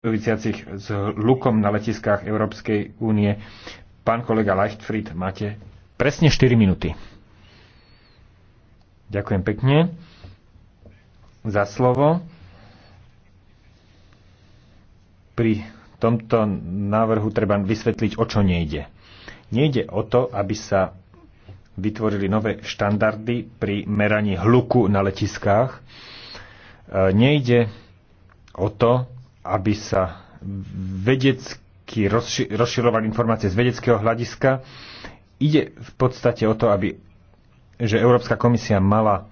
súvisiacich s lukom na letiskách Európskej únie. Pán kolega Leichtfried, máte presne 4 minúty. Ďakujem pekne za slovo. Pri tomto návrhu treba vysvetliť, o čo nejde. Nejde o to, aby sa vytvorili nové štandardy pri meraní hluku na letiskách. E, nejde o to, aby sa vedecky rozširovali informácie z vedeckého hľadiska. Ide v podstate o to, aby, že Európska komisia mala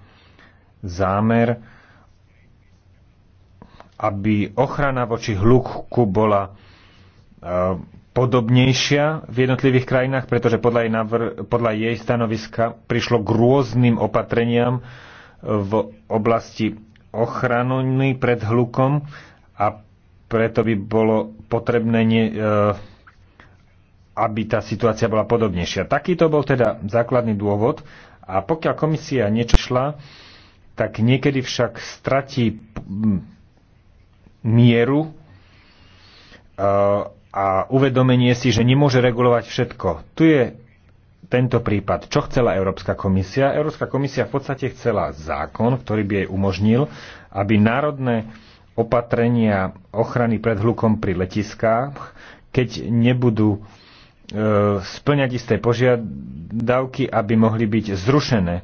zámer, aby ochrana voči hľuku bola e, podobnejšia v jednotlivých krajinách, pretože podľa jej, navr- podľa jej stanoviska prišlo k rôznym opatreniam v oblasti ochrany pred hľukom a preto by bolo potrebné, nie, e, aby tá situácia bola podobnejšia. Takýto bol teda základný dôvod a pokiaľ komisia niečo šla, tak niekedy však stratí mieru e, a uvedomenie si, že nemôže regulovať všetko. Tu je tento prípad. Čo chcela Európska komisia? Európska komisia v podstate chcela zákon, ktorý by jej umožnil, aby národné opatrenia ochrany pred hlukom pri letiskách, keď nebudú e, splňať isté požiadavky, aby mohli byť zrušené.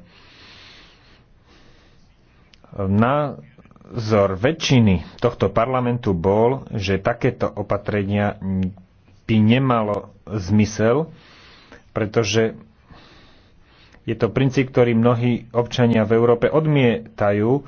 Názor väčšiny tohto parlamentu bol, že takéto opatrenia by nemalo zmysel, pretože je to princíp, ktorý mnohí občania v Európe odmietajú,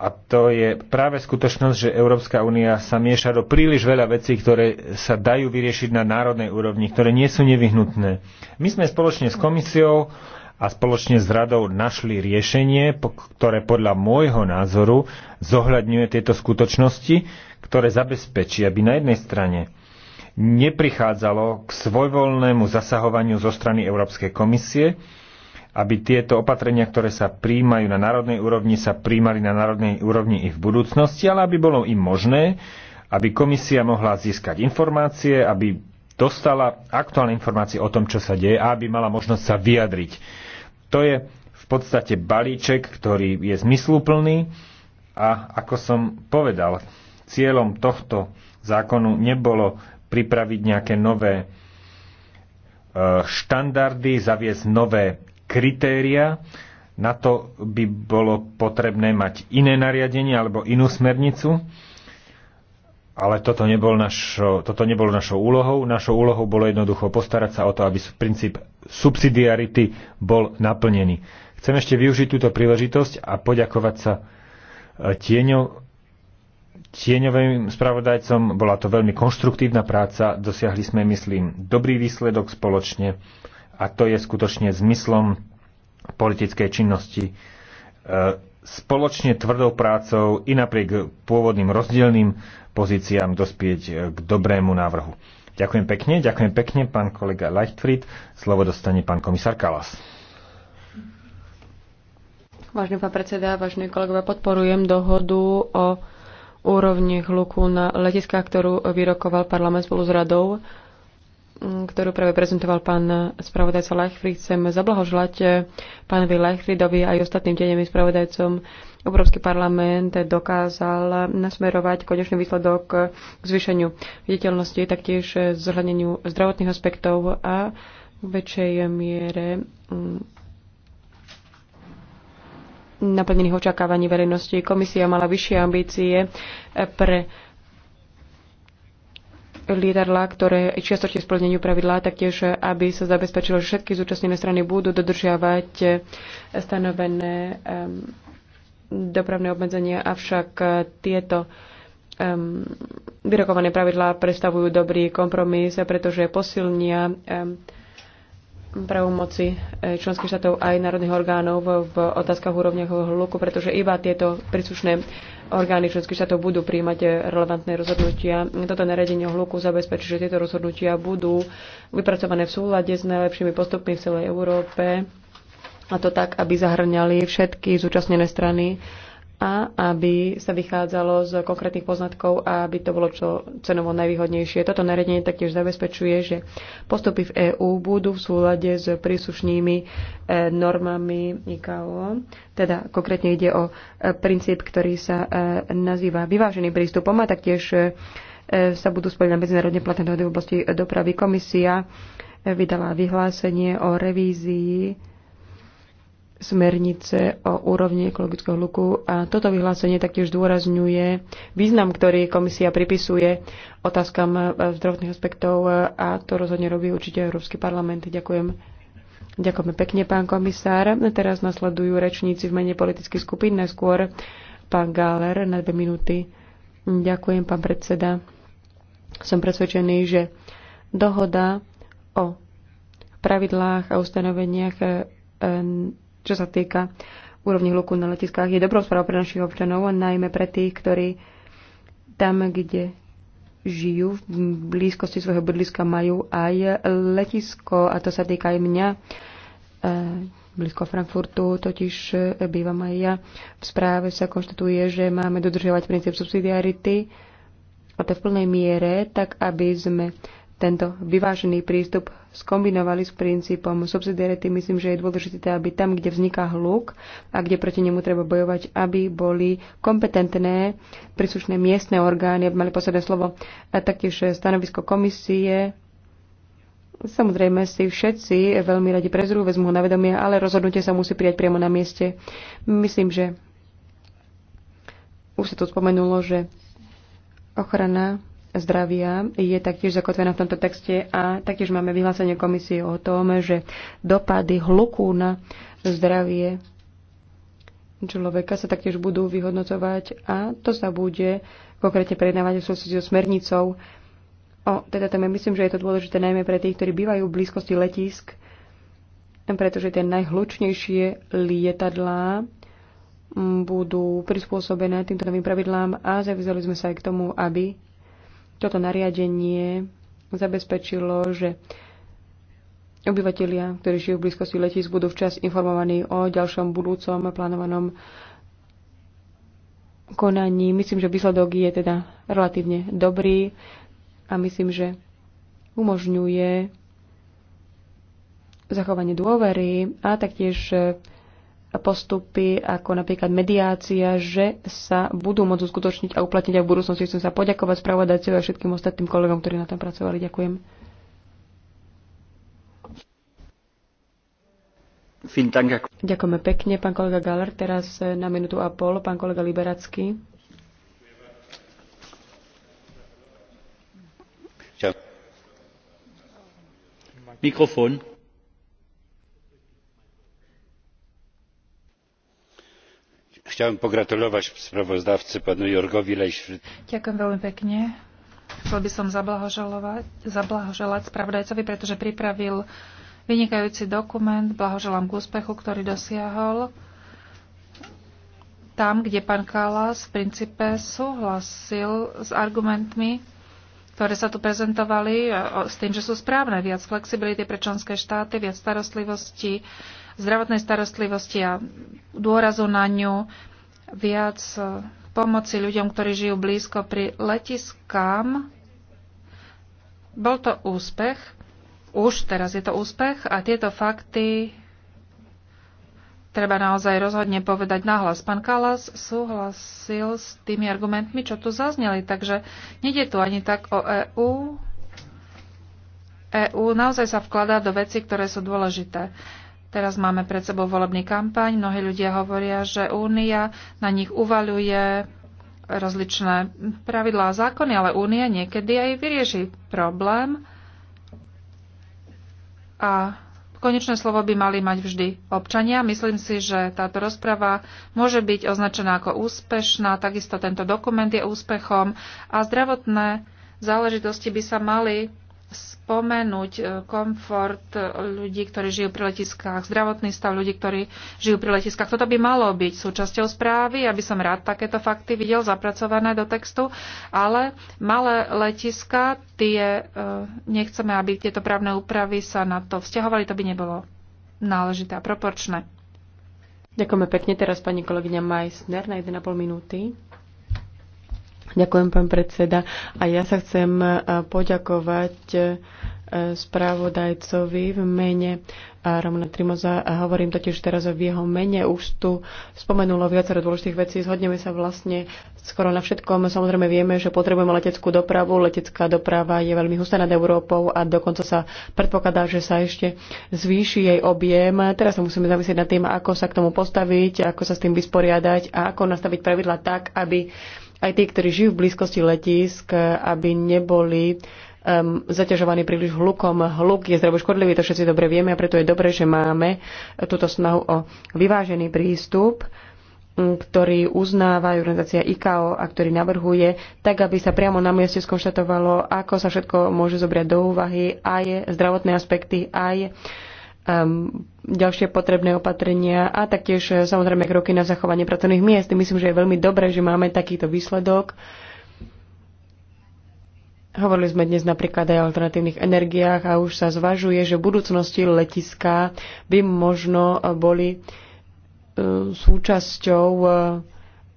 a to je práve skutočnosť, že Európska únia sa mieša do príliš veľa vecí, ktoré sa dajú vyriešiť na národnej úrovni, ktoré nie sú nevyhnutné. My sme spoločne s komisiou a spoločne s radou našli riešenie, ktoré podľa môjho názoru zohľadňuje tieto skutočnosti, ktoré zabezpečí, aby na jednej strane neprichádzalo k svojvoľnému zasahovaniu zo strany Európskej komisie, aby tieto opatrenia, ktoré sa príjmajú na národnej úrovni, sa príjmali na národnej úrovni i v budúcnosti, ale aby bolo im možné, aby komisia mohla získať informácie, aby dostala aktuálne informácie o tom, čo sa deje a aby mala možnosť sa vyjadriť. To je v podstate balíček, ktorý je zmysluplný a ako som povedal, cieľom tohto zákonu nebolo pripraviť nejaké nové e, štandardy, zaviesť nové kritéria. Na to by bolo potrebné mať iné nariadenie alebo inú smernicu. Ale toto, nebol našo, toto nebolo našou úlohou. Našou úlohou bolo jednoducho postarať sa o to, aby princíp subsidiarity bol naplnený. Chcem ešte využiť túto príležitosť a poďakovať sa e, tieňo, tieňovým spravodajcom. Bola to veľmi konštruktívna práca. Dosiahli sme, myslím, dobrý výsledok spoločne a to je skutočne zmyslom politickej činnosti. E, spoločne tvrdou prácou i napriek pôvodným rozdielným pozíciám dospieť e, k dobrému návrhu. Ďakujem pekne, ďakujem pekne, pán kolega Leichtfried. Slovo dostane pán komisár Kalas. Vážený pán predseda, vážení kolegovia, podporujem dohodu o úrovni hluku na letiskách, ktorú vyrokoval parlament spolu s radou ktorú práve prezentoval pán spravodajca Lechfried, chcem zablahoželať e, pánovi Lechfriedovi aj ostatným tenemi spravodajcom. Európsky parlament dokázal nasmerovať konečný výsledok k zvýšeniu viditeľnosti, taktiež zohľadneniu zdravotných aspektov a v väčšej miere naplnených očakávaní verejnosti. Komisia mala vyššie ambície pre lietadlá, ktoré čiastočne splneniu pravidlá, taktiež aby sa zabezpečilo, že všetky zúčastnené strany budú dodržiavať eh, stanovené um, dopravné obmedzenia, avšak eh, tieto um, vyrokované pravidlá predstavujú dobrý kompromis, pretože posilnia um, pravomoci e, členských štátov aj národných orgánov v otázkach úrovniach hluku, pretože iba tieto príslušné orgány členských štátov budú príjmať e, relevantné rozhodnutia. Toto nariadenie hluku zabezpečí, že tieto rozhodnutia budú vypracované v súlade s najlepšími postupmi v celej Európe a to tak, aby zahrňali všetky zúčastnené strany a aby sa vychádzalo z konkrétnych poznatkov a aby to bolo čo cenovo najvýhodnejšie. Toto nariadenie taktiež zabezpečuje, že postupy v EÚ budú v súlade s príslušnými e, normami IKO. Teda konkrétne ide o e, princíp, ktorý sa e, nazýva vyváženým prístupom a taktiež sa budú na medzinárodne platné dohody v oblasti dopravy. Komisia vydala vyhlásenie o revízii smernice o úrovni ekologického hluku. A toto vyhlásenie taktiež dôrazňuje význam, ktorý komisia pripisuje otázkam eh, zdravotných aspektov a to rozhodne robí určite Európsky parlament. Ďakujem. Ďakujeme pekne, pán komisár. Teraz nasledujú rečníci v mene politických skupín. Najskôr pán Gáler na dve minúty. Ďakujem, pán predseda. Som presvedčený, že dohoda o pravidlách a ustanoveniach eh, čo sa týka úrovni hluku na letiskách, je dobrou správou pre našich občanov, a najmä pre tých, ktorí tam, kde žijú v blízkosti svojho bydliska, majú aj letisko, a to sa týka aj mňa, e, blízko Frankfurtu, totiž bývam aj ja. V správe sa konštatuje, že máme dodržovať princíp subsidiarity, a to v plnej miere, tak aby sme tento vyvážený prístup skombinovali s princípom subsidiarity, myslím, že je dôležité, aby tam, kde vzniká hluk a kde proti nemu treba bojovať, aby boli kompetentné príslušné miestne orgány, aby mali posledné slovo. A taktiež stanovisko komisie. Samozrejme si všetci veľmi radi prezrú, vezmu ho na vedomie, ale rozhodnutie sa musí prijať priamo na mieste. Myslím, že už sa tu spomenulo, že ochrana zdravia je taktiež zakotvená v tomto texte a taktiež máme vyhlásenie komisie o tom, že dopady hluku na zdravie človeka sa taktiež budú vyhodnocovať a to sa bude konkrétne prednávať v súvislosti so smernicou. O teda tam myslím, že je to dôležité najmä pre tých, ktorí bývajú v blízkosti letísk, pretože tie najhlučnejšie lietadlá budú prispôsobené týmto novým pravidlám a zavizali sme sa aj k tomu, aby toto nariadenie zabezpečilo, že obyvatelia, ktorí žijú v blízkosti letíc, budú včas informovaní o ďalšom budúcom plánovanom konaní. Myslím, že výsledok je teda relatívne dobrý a myslím, že umožňuje zachovanie dôvery a taktiež postupy ako napríklad mediácia, že sa budú môcť uskutočniť a uplatniť aj v budúcnosti. Chcem sa poďakovať spravodajcovi a všetkým ostatným kolegom, ktorí na tom pracovali. Ďakujem. Ďakujeme pekne, pán kolega Galer. Teraz eh, na minútu a pol pán kolega Liberacký. Mikrofón. chciałem pogratulować sprawozdawcy panu jorgovi leichtfriedovi. spravodajcovi, dokument. Blahoželám k tam, kde pán Kalas v princípe súhlasil s argumentmi, ktoré sa tu prezentovali s tým, že sú správne. Viac flexibility pre členské štáty, viac starostlivosti, zdravotnej starostlivosti a dôrazu na ňu, viac eh, pomoci ľuďom, ktorí žijú blízko pri letiskám. Bol to úspech. Už teraz je to úspech a tieto fakty treba naozaj rozhodne povedať nahlas. Pán Kalas súhlasil s tými argumentmi, čo tu zazneli, takže nejde tu ani tak o EÚ. EÚ naozaj sa vkladá do veci, ktoré sú dôležité. Teraz máme pred sebou volebný kampaň. Mnohí ľudia hovoria, že Únia na nich uvaľuje rozličné pravidlá a zákony, ale Únia niekedy aj vyrieši problém. A konečné slovo by mali mať vždy občania. Myslím si, že táto rozprava môže byť označená ako úspešná. Takisto tento dokument je úspechom a zdravotné záležitosti by sa mali spomenúť e, komfort ľudí, ktorí žijú pri letiskách, zdravotný stav ľudí, ktorí žijú pri letiskách. Toto by malo byť súčasťou správy, aby som rád takéto fakty videl zapracované do textu, ale malé letiska, tie e, nechceme, aby tieto právne úpravy sa na to vzťahovali, to by nebolo náležité a proporčné. Ďakujeme pekne. Teraz pani kolegyňa Majsner na 1,5 minúty. Ďakujem, pán predseda. A ja sa chcem e, poďakovať e, správodajcovi v mene e, Romana Trimoza. A hovorím totiž teraz v jeho mene. Už tu spomenulo viacero dôležitých vecí. Zhodneme sa vlastne skoro na všetkom. Samozrejme vieme, že potrebujeme leteckú dopravu. Letecká doprava je veľmi hustá nad Európou a dokonca sa predpokladá, že sa ešte zvýši jej objem. Teraz sa musíme zamyslieť nad tým, ako sa k tomu postaviť, ako sa s tým vysporiadať a ako nastaviť pravidla tak, aby aj tí, ktorí žijú v blízkosti letísk, aby neboli um, zaťažovaní príliš hlukom. Hluk je zdravo škodlivý, to všetci dobre vieme a preto je dobré, že máme túto snahu o vyvážený prístup ktorý uznáva organizácia ICAO a ktorý navrhuje, tak aby sa priamo na mieste skonštatovalo, ako sa všetko môže zobrať do úvahy, aj zdravotné aspekty, aj uh, um, ďalšie potrebné opatrenia a taktiež eh, samozrejme kroky na zachovanie pracovných miest. Myslím, že je veľmi dobré, že máme takýto výsledok. Hovorili sme dnes napríklad aj o alternatívnych energiách a už sa zvažuje, že v budúcnosti letiska by možno eh, boli eh, súčasťou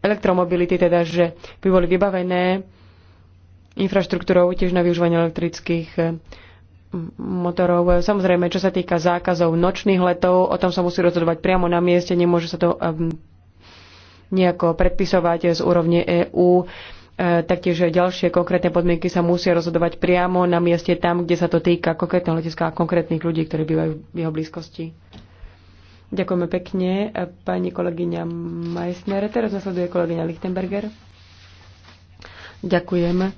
elektromobility, teda že by boli vybavené infraštruktúrou tiež na využívanie elektrických motorov. Samozrejme, čo sa týka zákazov nočných letov, o tom sa musí rozhodovať priamo na mieste, nemôže sa to nejako predpisovať z úrovne EÚ. E, taktiež ďalšie konkrétne podmienky sa musia rozhodovať priamo na mieste tam, kde sa to týka konkrétneho letiska a konkrétnych ľudí, ktorí bývajú v jeho blízkosti. Ďakujeme pekne. Pani kolegyňa Meissner, teraz nasleduje kolegyňa Lichtenberger. Ďakujem.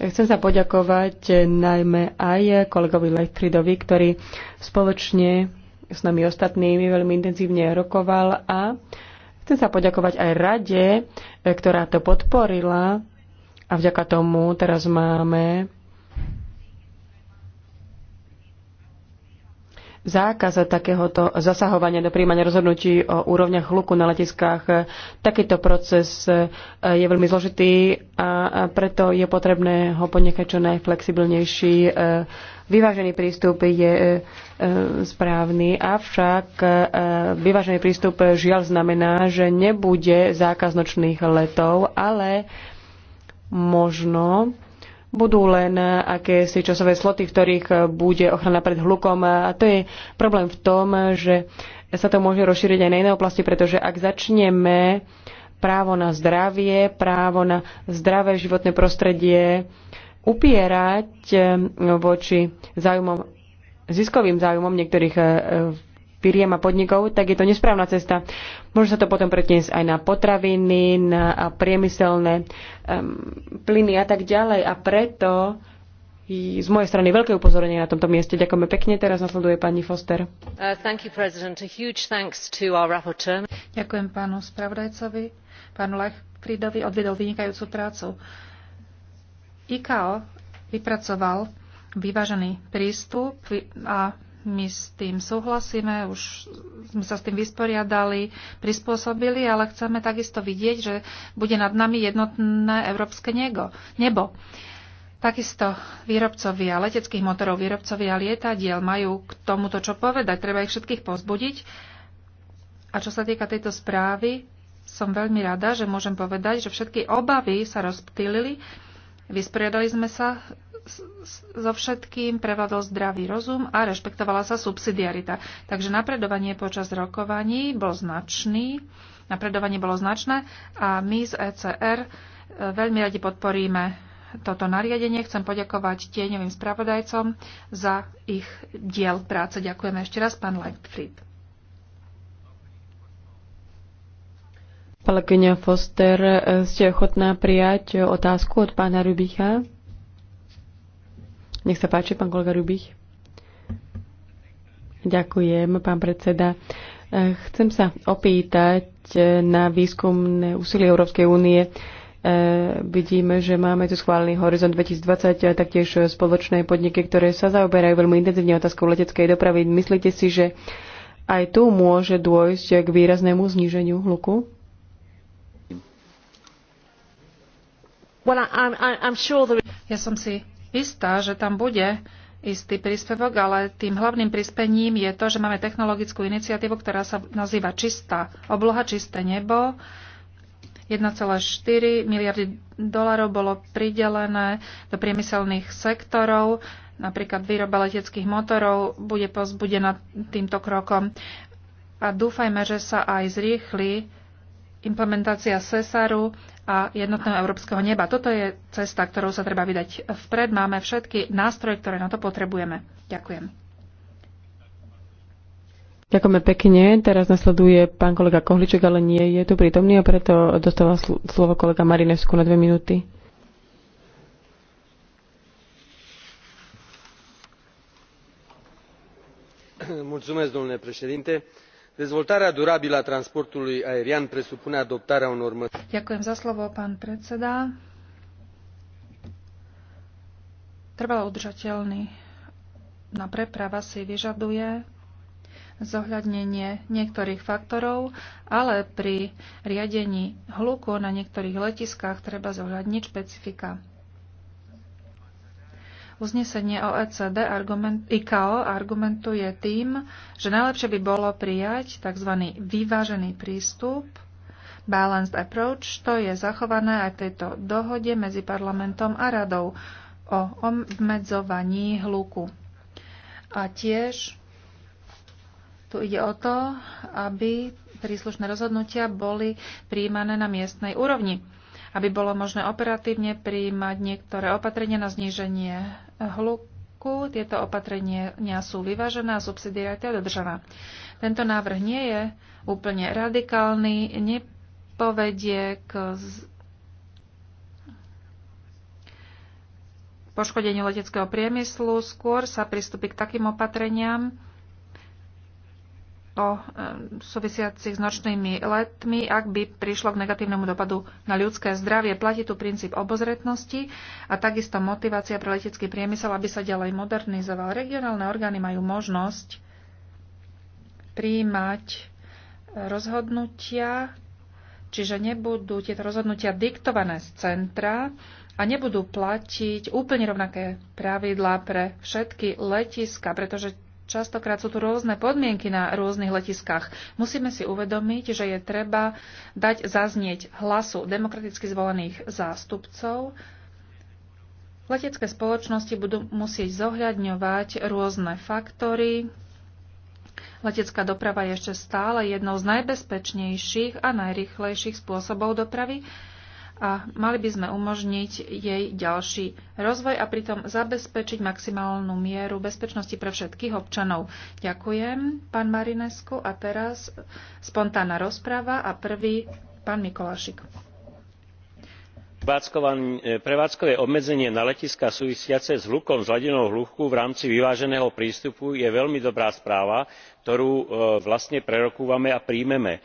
Chcem sa poďakovať najmä aj kolegovi Lechtridovi, ktorý spoločne s nami ostatnými veľmi intenzívne rokoval a chcem sa poďakovať aj rade, ktorá to podporila a vďaka tomu teraz máme zákaz takéhoto zasahovania do príjmania rozhodnutí o úrovniach hluku na letiskách. Takýto proces e, je veľmi zložitý a preto je potrebné ho ponechať čo najflexibilnejší. E, vyvážený prístup je e, správny, avšak vyvážený prístup žiaľ znamená, že nebude zákaz nočných letov, ale možno budú len akési časové sloty, v ktorých bude ochrana pred hlukom. A to je problém v tom, že sa to môže rozšíriť aj na iné oblasti, pretože ak začneme právo na zdravie, právo na zdravé životné prostredie upierať eh, voči záujmom, ziskovým záujmom niektorých eh, firiem a podnikov, tak je to nesprávna cesta. Môže sa to potom pretniesť aj na potraviny, na priemyselné um, plyny a tak ďalej. A preto z mojej strany veľké upozornenie na tomto mieste. Ďakujeme pekne. Teraz nasleduje pani Foster. Uh, you, Ďakujem pánu spravodajcovi, pánu Lechfridovi, odvedol vynikajúcu prácu. IKO vypracoval vyvážený prístup a my s tým súhlasíme, už sme sa s tým vysporiadali, prispôsobili, ale chceme takisto vidieť, že bude nad nami jednotné európske niego, nebo. Takisto výrobcovia leteckých motorov, výrobcovia lietadiel majú k tomuto čo povedať. Treba ich všetkých pozbudiť. A čo sa týka tejto správy, som veľmi rada, že môžem povedať, že všetky obavy sa rozptýlili. Vysporiadali sme sa so všetkým prevladol zdravý rozum a rešpektovala sa subsidiarita. Takže napredovanie počas rokovaní bol značný, napredovanie bolo značné a my z ECR e, veľmi radi podporíme toto nariadenie. Chcem poďakovať tieňovým spravodajcom za ich diel práce. Ďakujeme ešte raz, pán Lightfried. Kolegyňa Foster, e, ste ochotná prijať otázku od pána Rubicha? Nech sa páči, pán kolega Rubich. Ďakujem, pán predseda. Eh, chcem sa opýtať eh, na výskumné úsilie Európskej únie. Eh, vidíme, že máme tu schválený horizont 2020 a taktiež spoločné podniky, ktoré sa zaoberajú veľmi intenzívne otázkou leteckej dopravy. Myslíte si, že aj tu môže dôjsť k výraznému zníženiu hluku? Ja som si istá, že tam bude istý príspevok, ale tým hlavným prispením je to, že máme technologickú iniciatívu, ktorá sa nazýva Čistá obloha, čisté nebo. 1,4 miliardy dolarov bolo pridelené do priemyselných sektorov, napríklad výroba leteckých motorov bude pozbudená týmto krokom. A dúfajme, že sa aj zrýchli implementácia Cesaru a jednotného európskeho neba. Toto je cesta, ktorou sa treba vydať vpred. Máme všetky nástroje, ktoré na to potrebujeme. Ďakujem. Ďakujeme pekne. Teraz nasleduje pán kolega Kohliček, ale nie je tu prítomný a preto dostáva slovo kolega Marinesku na dve minúty. Mulțumesc, domnule președinte dezvoltarea durabilă a transportului aerian presupune adoptarea unor Ďakujem za slovo, pán predseda. Trvalo udržateľný na preprava si vyžaduje zohľadnenie niektorých faktorov, ale pri riadení hluku na niektorých letiskách treba zohľadniť špecifika. Uznesenie OECD argument, IKO argumentuje tým, že najlepšie by bolo prijať tzv. vyvážený prístup, balanced approach, to je zachované aj v tejto dohode medzi parlamentom a radou o obmedzovaní hluku. A tiež tu ide o to, aby príslušné rozhodnutia boli príjmané na miestnej úrovni aby bolo možné operatívne prijímať niektoré opatrenia na zníženie hluku. Tieto opatrenia sú vyvážená a subsidiarita dodržaná. Tento návrh nie je úplne radikálny, nepovedie k poškodeniu leteckého priemyslu, skôr sa pristúpi k takým opatreniam, o súvisiacich s nočnými letmi, ak by prišlo k negatívnemu dopadu na ľudské zdravie. Platí tu princíp obozretnosti a takisto motivácia pre letecký priemysel, aby sa ďalej modernizoval. Regionálne orgány majú možnosť príjmať rozhodnutia, čiže nebudú tieto rozhodnutia diktované z centra a nebudú platiť úplne rovnaké pravidlá pre všetky letiska, pretože Častokrát sú tu rôzne podmienky na rôznych letiskách. Musíme si uvedomiť, že je treba dať zaznieť hlasu demokraticky zvolených zástupcov. Letecké spoločnosti budú musieť zohľadňovať rôzne faktory. Letecká doprava je ešte stále jednou z najbezpečnejších a najrychlejších spôsobov dopravy a mali by sme umožniť jej ďalší rozvoj a pritom zabezpečiť maximálnu mieru bezpečnosti pre všetkých občanov. Ďakujem, pán Marinesku. A teraz spontánna rozpráva a prvý pán Mikolašik. Prevádzkové obmedzenie na letiska súvisiace s hlukom z hladinou hluku v rámci vyváženého prístupu je veľmi dobrá správa, ktorú e, vlastne prerokúvame a príjmeme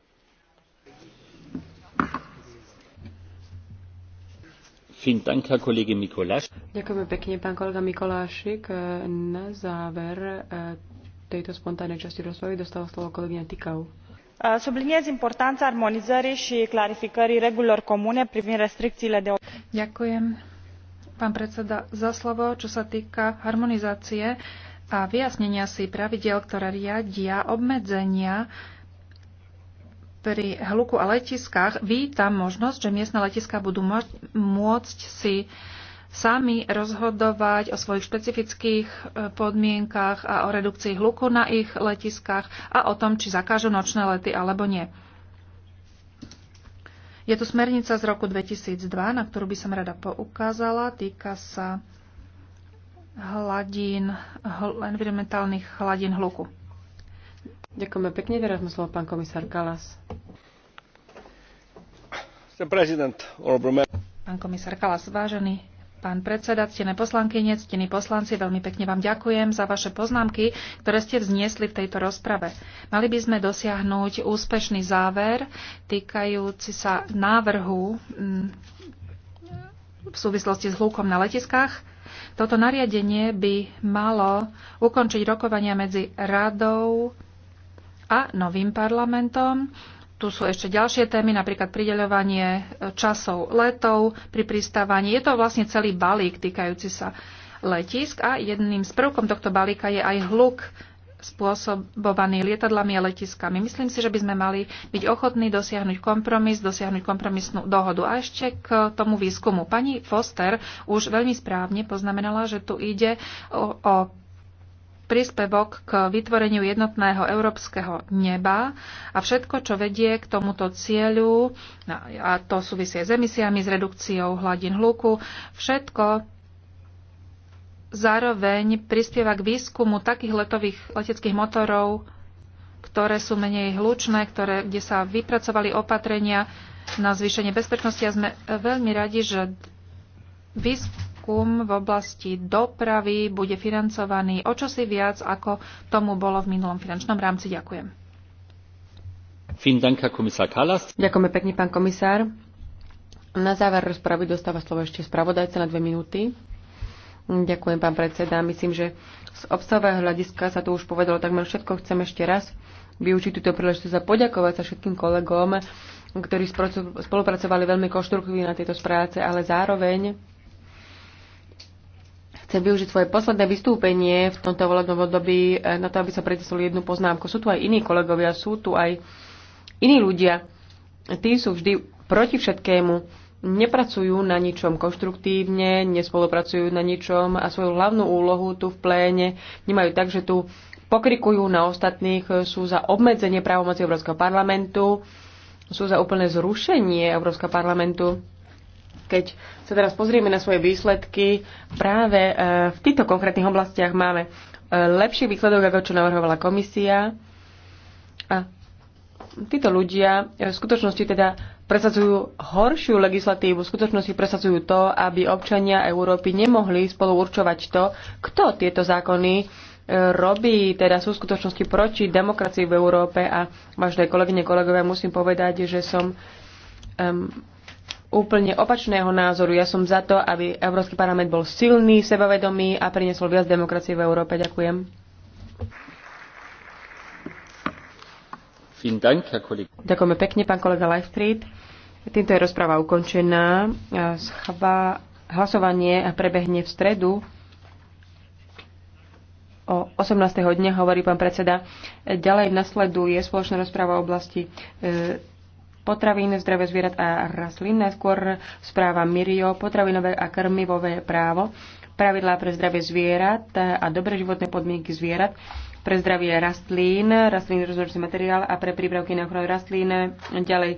Ďakujeme pekne, pán kolega Mikolášik. Na záver eh, tejto spontánnej časti rozpravy dostala slovo kolegyňa Tikau. Eh, subliniez importanța armonizării și clarificării regulilor comune privind restricțiile de... Ďakujem, pán predseda, za slovo, čo sa týka harmonizácie a vyjasnenia si pravidel, ktoré riadia obmedzenia pri hluku a letiskách vítam možnosť, že miestne letiská budú môcť si sami rozhodovať o svojich špecifických e, podmienkach a o redukcii hluku na ich letiskách a o tom, či zakážu nočné lety alebo nie. Je tu smernica z roku 2002, na ktorú by som rada poukázala. Týka sa hladín, environmentálnych hladín hluku. Ďakujeme pekne. Teraz má slovo pán komisár Kalas. Pán komisár Kalas, vážený Pán predseda, ctené poslankyne, ctení poslanci, veľmi pekne vám ďakujem za vaše poznámky, ktoré ste vzniesli v tejto rozprave. Mali by sme dosiahnuť úspešný záver týkajúci sa návrhu mm, v súvislosti s hľúkom na letiskách. Toto nariadenie by malo ukončiť rokovania medzi radou, a novým parlamentom. Tu sú ešte ďalšie témy, napríklad prideľovanie časov letov pri pristávaní. Je to vlastne celý balík týkajúci sa letisk a jedným z prvkom tohto balíka je aj hluk spôsobovaný lietadlami a letiskami. Myslím si, že by sme mali byť ochotní dosiahnuť kompromis, dosiahnuť kompromisnú dohodu. A ešte k tomu výskumu. Pani Foster už veľmi správne poznamenala, že tu ide o, o príspevok k vytvoreniu jednotného európskeho neba a všetko, čo vedie k tomuto cieľu, a to súvisie s emisiami, s redukciou hladín hluku, všetko zároveň prispieva k výskumu takých letových leteckých motorov, ktoré sú menej hlučné, ktoré, kde sa vypracovali opatrenia na zvýšenie bezpečnosti a sme veľmi radi, že výskum výskum v oblasti dopravy bude financovaný o čosi viac, ako tomu bolo v minulom finančnom rámci. Ďakujem. Ďakujeme pekne, pán komisár. Na záver rozpravy dostáva slovo ešte spravodajca na dve minúty. Ďakujem, pán predseda. Myslím, že z obsahového hľadiska sa to už povedalo takmer všetko. Chcem ešte raz využiť túto príležitosť a poďakovať sa všetkým kolegom, ktorí spolupracovali veľmi konštruktívne na tejto práce, ale zároveň Chcem využiť svoje posledné vystúpenie v tomto volebnom období eh, na to, aby som prednesol jednu poznámku. Sú tu aj iní kolegovia, sú tu aj iní ľudia. Tí sú vždy proti všetkému, nepracujú na ničom konštruktívne, nespolupracujú na ničom a svoju hlavnú úlohu tu v pléne nemajú tak, že tu pokrikujú na ostatných, eh, sú za obmedzenie právomoci Európskeho parlamentu, sú za úplné zrušenie Európskeho parlamentu keď sa teraz pozrieme na svoje výsledky, práve e, v týchto konkrétnych oblastiach máme e, lepší výsledok, ako čo navrhovala komisia. A títo ľudia e, v skutočnosti teda presadzujú horšiu legislatívu, v skutočnosti presadzujú to, aby občania Európy nemohli spolu určovať to, kto tieto zákony robí, teda sú v skutočnosti proti demokracii v Európe a vážne kolegyne, kolegovia, musím povedať, že som um, úplne opačného názoru. Ja som za to, aby Európsky parlament bol silný, sebavedomý a priniesol viac demokracie v Európe. Ďakujem. Ďakujeme pekne, pán kolega Lightstreet. Týmto je rozpráva ukončená. Schva... Hlasovanie prebehne v stredu o 18. hodine, hovorí pán predseda. Ďalej nasleduje spoločná rozpráva oblasti e, potravín, zdravé zvierat a rastlín, najskôr správa Mirio, potravinové a krmivové právo, pravidlá pre zdravie zvierat a dobré životné podmienky zvierat, pre zdravie rastlín, rastlín rozhodujúci materiál a pre prípravky na ochranu rastlín, ďalej